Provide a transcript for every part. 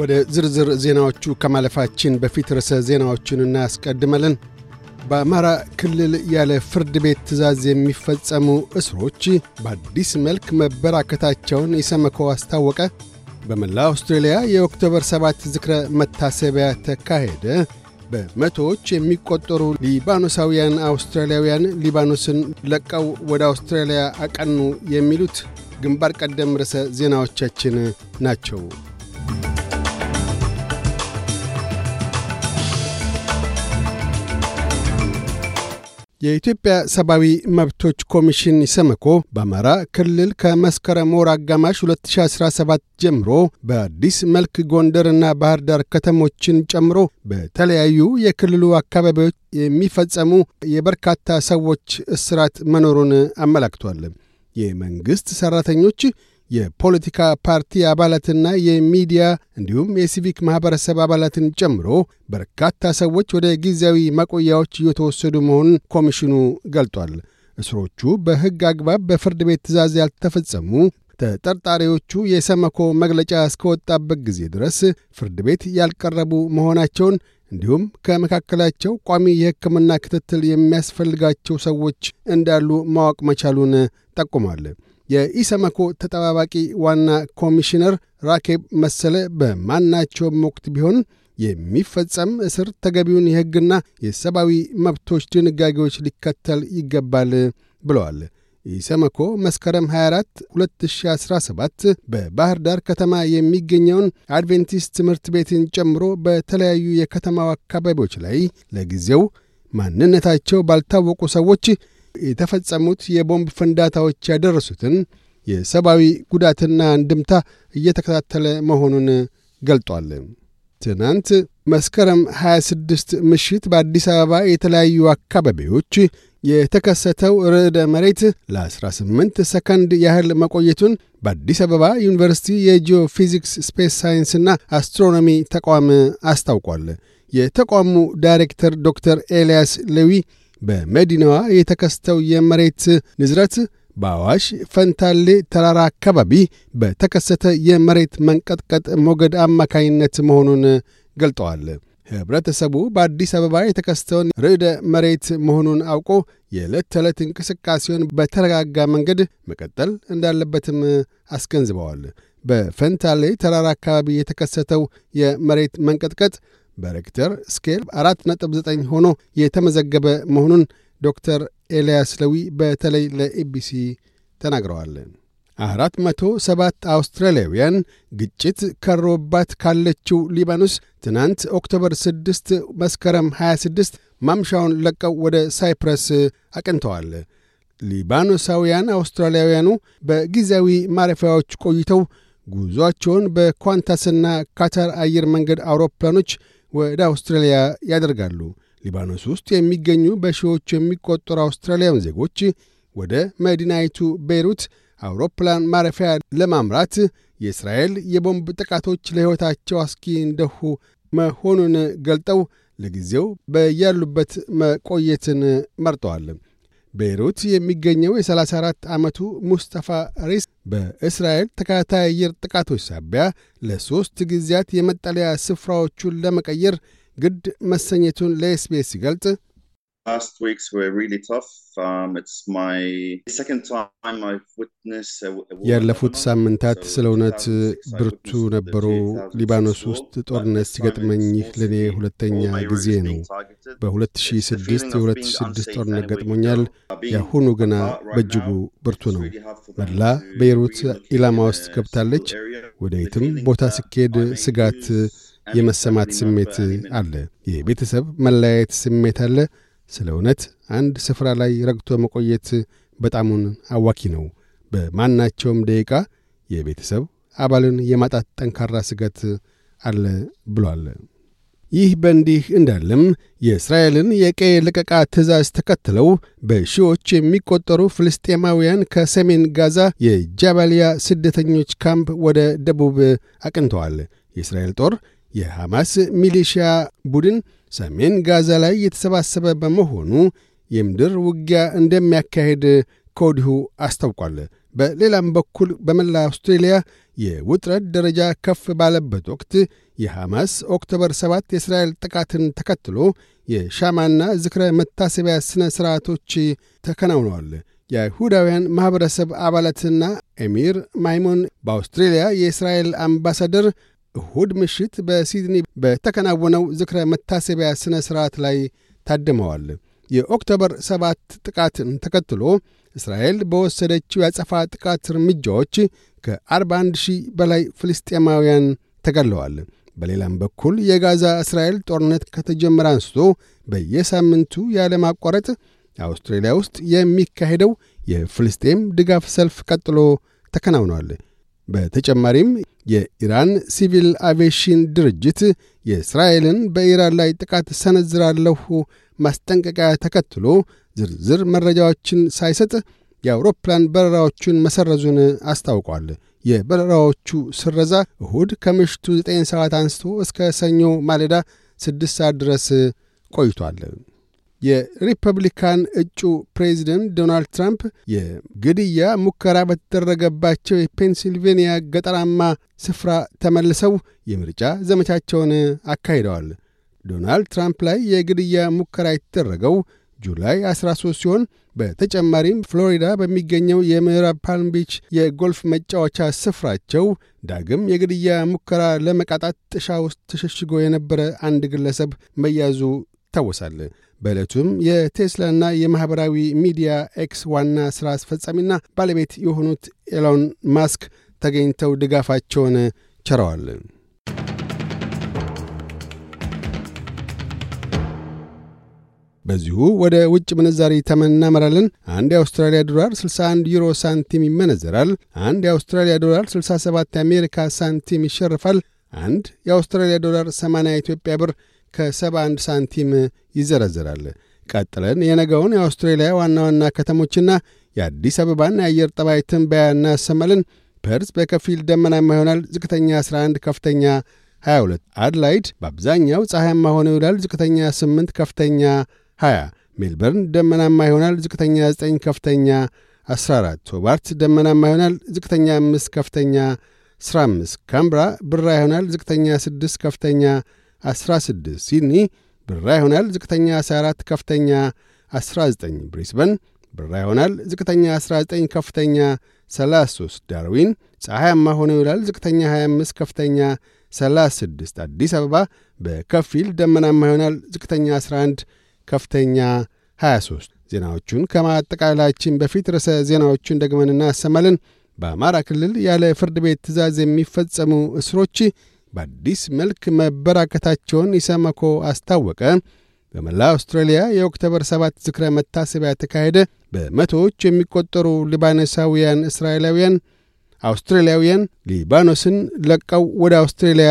ወደ ዝርዝር ዜናዎቹ ከማለፋችን በፊት ርዕሰ ዜናዎቹን እናስቀድመልን። በአማራ ክልል ያለ ፍርድ ቤት ትእዛዝ የሚፈጸሙ እስሮች በአዲስ መልክ መበራከታቸውን ኢሰመኮ አስታወቀ። በመላ አውስትሬልያ የኦክቶበር 7 ዝክረ መታሰቢያ ተካሄደ። በመቶዎች የሚቆጠሩ ሊባኖሳውያን አውስትራሊያውያን ሊባኖስን ለቀው ወደ አውስትራሊያ አቀኑ። የሚሉት ግንባር ቀደም ርዕሰ ዜናዎቻችን ናቸው። የኢትዮጵያ ሰብአዊ መብቶች ኮሚሽን ኢሰመኮ በአማራ ክልል ከመስከረም ወር አጋማሽ 2017 ጀምሮ በአዲስ መልክ ጎንደርና ባህር ዳር ከተሞችን ጨምሮ በተለያዩ የክልሉ አካባቢዎች የሚፈጸሙ የበርካታ ሰዎች እስራት መኖሩን አመላክቷል። የመንግሥት ሠራተኞች የፖለቲካ ፓርቲ አባላትና የሚዲያ እንዲሁም የሲቪክ ማኅበረሰብ አባላትን ጨምሮ በርካታ ሰዎች ወደ ጊዜያዊ ማቆያዎች እየተወሰዱ መሆኑን ኮሚሽኑ ገልጧል። እስሮቹ በሕግ አግባብ በፍርድ ቤት ትእዛዝ ያልተፈጸሙ ተጠርጣሪዎቹ የሰመኮ መግለጫ እስከወጣበት ጊዜ ድረስ ፍርድ ቤት ያልቀረቡ መሆናቸውን እንዲሁም ከመካከላቸው ቋሚ የሕክምና ክትትል የሚያስፈልጋቸው ሰዎች እንዳሉ ማወቅ መቻሉን ጠቁሟል። የኢሰመኮ ተጠባባቂ ዋና ኮሚሽነር ራኬብ መሰለ በማናቸውም ወቅት ቢሆን የሚፈጸም እስር ተገቢውን የሕግና የሰብአዊ መብቶች ድንጋጌዎች ሊከተል ይገባል ብለዋል። ኢሰመኮ መስከረም 24 2017 በባህር ዳር ከተማ የሚገኘውን አድቬንቲስት ትምህርት ቤትን ጨምሮ በተለያዩ የከተማው አካባቢዎች ላይ ለጊዜው ማንነታቸው ባልታወቁ ሰዎች የተፈጸሙት የቦምብ ፍንዳታዎች ያደረሱትን የሰብአዊ ጉዳትና አንድምታ እየተከታተለ መሆኑን ገልጧል። ትናንት መስከረም 26 ምሽት በአዲስ አበባ የተለያዩ አካባቢዎች የተከሰተው ርዕደ መሬት ለ18 ሰከንድ ያህል መቆየቱን በአዲስ አበባ ዩኒቨርሲቲ የጂኦፊዚክስ ስፔስ ሳይንስና አስትሮኖሚ ተቋም አስታውቋል። የተቋሙ ዳይሬክተር ዶክተር ኤልያስ ሌዊ በመዲናዋ የተከስተው የመሬት ንዝረት በአዋሽ ፈንታሌ ተራራ አካባቢ በተከሰተ የመሬት መንቀጥቀጥ ሞገድ አማካይነት መሆኑን ገልጠዋል። ህብረተሰቡ በአዲስ አበባ የተከስተውን ርዕደ መሬት መሆኑን አውቆ የዕለት ተዕለት እንቅስቃሴውን በተረጋጋ መንገድ መቀጠል እንዳለበትም አስገንዝበዋል። በፈንታሌ ተራራ አካባቢ የተከሰተው የመሬት መንቀጥቀጥ በሬክተር ስኬል 4.9 ሆኖ የተመዘገበ መሆኑን ዶክተር ኤልያስ ለዊ በተለይ ለኤቢሲ ተናግረዋል። 407 አውስትራሊያውያን ግጭት ከሮባት ካለችው ሊባኖስ ትናንት ኦክቶበር 6 መስከረም 26 ማምሻውን ለቀው ወደ ሳይፕረስ አቅንተዋል። ሊባኖሳውያን አውስትራሊያውያኑ በጊዜያዊ ማረፊያዎች ቆይተው ጉዞአቸውን በኳንታስና ካታር አየር መንገድ አውሮፕላኖች ወደ አውስትራሊያ ያደርጋሉ። ሊባኖስ ውስጥ የሚገኙ በሺዎች የሚቆጠሩ አውስትራሊያን ዜጎች ወደ መዲናይቱ ቤይሩት አውሮፕላን ማረፊያ ለማምራት የእስራኤል የቦምብ ጥቃቶች ለሕይወታቸው አስጊ እንደሁ መሆኑን ገልጠው ለጊዜው በያሉበት መቆየትን መርጠዋል። ቤይሩት የሚገኘው የ34 ዓመቱ ሙስጠፋ ሬስ በእስራኤል ተከታታይ አየር ጥቃቶች ሳቢያ ለሦስት ጊዜያት የመጠለያ ስፍራዎቹን ለመቀየር ግድ መሰኘቱን ለኤስቢኤስ ሲገልጽ past weeks were really tough. Um, it's my second time I've witnessed ያለፉት ሳምንታት ስለ እውነት ብርቱ ነበሩ። ሊባኖስ ውስጥ ጦርነት ሲገጥመኝ ይህ ለእኔ ሁለተኛ ጊዜ ነው። በ2006 የ2006 ጦርነት ገጥሞኛል። ያሁኑ ግና በእጅጉ ብርቱ ነው። መላ ቤይሩት ኢላማ ውስጥ ገብታለች። ወደ የትም ቦታ ስኬድ ስጋት የመሰማት ስሜት አለ። የቤተሰብ መለያየት ስሜት አለ። ስለ እውነት አንድ ስፍራ ላይ ረግቶ መቆየት በጣሙን አዋኪ ነው። በማናቸውም ደቂቃ የቤተሰብ አባልን የማጣት ጠንካራ ስጋት አለ ብሏል። ይህ በእንዲህ እንዳለም የእስራኤልን የቀይ ልቀቃ ትእዛዝ ተከትለው በሺዎች የሚቆጠሩ ፍልስጤማውያን ከሰሜን ጋዛ የጃባሊያ ስደተኞች ካምፕ ወደ ደቡብ አቅንተዋል። የእስራኤል ጦር የሐማስ ሚሊሺያ ቡድን ሰሜን ጋዛ ላይ የተሰባሰበ በመሆኑ የምድር ውጊያ እንደሚያካሄድ ከወዲሁ አስታውቋል። በሌላም በኩል በመላ አውስትሬልያ የውጥረት ደረጃ ከፍ ባለበት ወቅት የሐማስ ኦክቶበር 7 የእስራኤል ጥቃትን ተከትሎ የሻማና ዝክረ መታሰቢያ ሥነ ሥርዓቶች ተከናውነዋል። የአይሁዳውያን ማኅበረሰብ አባላትና ኤሚር ማይሞን በአውስትሬልያ የእስራኤል አምባሳደር እሁድ ምሽት በሲድኒ በተከናወነው ዝክረ መታሰቢያ ሥነ ሥርዓት ላይ ታድመዋል። የኦክቶበር ሰባት ጥቃትን ተከትሎ እስራኤል በወሰደችው ያጸፋ ጥቃት እርምጃዎች ከ41 ሺህ በላይ ፍልስጤማውያን ተገለዋል። በሌላም በኩል የጋዛ እስራኤል ጦርነት ከተጀመረ አንስቶ በየሳምንቱ ያለማቋረጥ አውስትሬልያ ውስጥ የሚካሄደው የፍልስጤም ድጋፍ ሰልፍ ቀጥሎ ተከናውኗል። በተጨማሪም የኢራን ሲቪል አቪሽን ድርጅት የእስራኤልን በኢራን ላይ ጥቃት ሰነዝራለሁ ማስጠንቀቂያ ተከትሎ ዝርዝር መረጃዎችን ሳይሰጥ የአውሮፕላን በረራዎቹን መሰረዙን አስታውቋል። የበረራዎቹ ስረዛ እሁድ ከምሽቱ 9 ሰዓት አንስቶ እስከ ሰኞ ማሌዳ 6 ሰዓት ድረስ ቆይቷል። የሪፐብሊካን እጩ ፕሬዚደንት ዶናልድ ትራምፕ የግድያ ሙከራ በተደረገባቸው የፔንሲልቬንያ ገጠራማ ስፍራ ተመልሰው የምርጫ ዘመቻቸውን አካሂደዋል። ዶናልድ ትራምፕ ላይ የግድያ ሙከራ የተደረገው ጁላይ 13 ሲሆን በተጨማሪም ፍሎሪዳ በሚገኘው የምዕራብ ፓልምቢች የጎልፍ መጫወቻ ስፍራቸው ዳግም የግድያ ሙከራ ለመቃጣት ጥሻ ውስጥ ተሸሽጎ የነበረ አንድ ግለሰብ መያዙ ይታወሳል። በዕለቱም የቴስላና የማኅበራዊ ሚዲያ ኤክስ ዋና ሥራ አስፈጻሚና ባለቤት የሆኑት ኤሎን ማስክ ተገኝተው ድጋፋቸውን ቸረዋል። በዚሁ ወደ ውጭ ምንዛሪ ተመን እናመራለን። አንድ የአውስትራሊያ ዶላር 61 ዩሮ ሳንቲም ይመነዘራል። አንድ የአውስትራሊያ ዶላር 67 የአሜሪካ ሳንቲም ይሸርፋል። አንድ የአውስትራሊያ ዶላር 80 ኢትዮጵያ ብር ከ71 ሳንቲም ይዘረዝራል። ቀጥለን የነገውን የአውስትሬልያ ዋና ዋና ከተሞችና የአዲስ አበባን የአየር ጠባይ ትንበያ እናሰማለን። ፐርስ በከፊል ደመናማ ይሆናል። ዝቅተኛ 11፣ ከፍተኛ 22። አድላይድ በአብዛኛው ፀሐያማ ሆኖ ይውላል። ዝቅተኛ 8፣ ከፍተኛ 20። ሜልበርን ደመናማ ይሆናል። ዝቅተኛ 9፣ ከፍተኛ 14። ሆባርት ደመናማ ይሆናል። ዝቅተኛ 5፣ ከፍተኛ 15። ካምብራ ብራ ይሆናል። ዝቅተኛ 6፣ ከፍተኛ 16 ሲድኒ ብራ ይሆናል። ዝቅተኛ 14 ከፍተኛ 19 ብሪስበን ብራ ይሆናል። ዝቅተኛ 19 ከፍተኛ 33 ዳርዊን ፀሐያማ ሆኖ ይውላል። ዝቅተኛ 25 ከፍተኛ 36 አዲስ አበባ በከፊል ደመናማ ይሆናል። ዝቅተኛ 11 ከፍተኛ 23 ዜናዎቹን ከማጠቃላችን በፊት ርዕሰ ዜናዎቹን ደግመን እናሰማለን። በአማራ ክልል ያለ ፍርድ ቤት ትዕዛዝ የሚፈጸሙ እስሮች በአዲስ መልክ መበራከታቸውን ኢሰመኮ አስታወቀ። በመላ አውስትራሊያ የኦክቶበር 7 ዝክረ መታሰቢያ ተካሄደ። በመቶዎች የሚቆጠሩ ሊባኖሳውያን እስራኤላውያን፣ አውስትራሊያውያን ሊባኖስን ለቀው ወደ አውስትራሊያ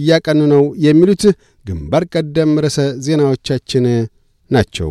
እያቀኑ ነው የሚሉት ግንባር ቀደም ርዕሰ ዜናዎቻችን ናቸው።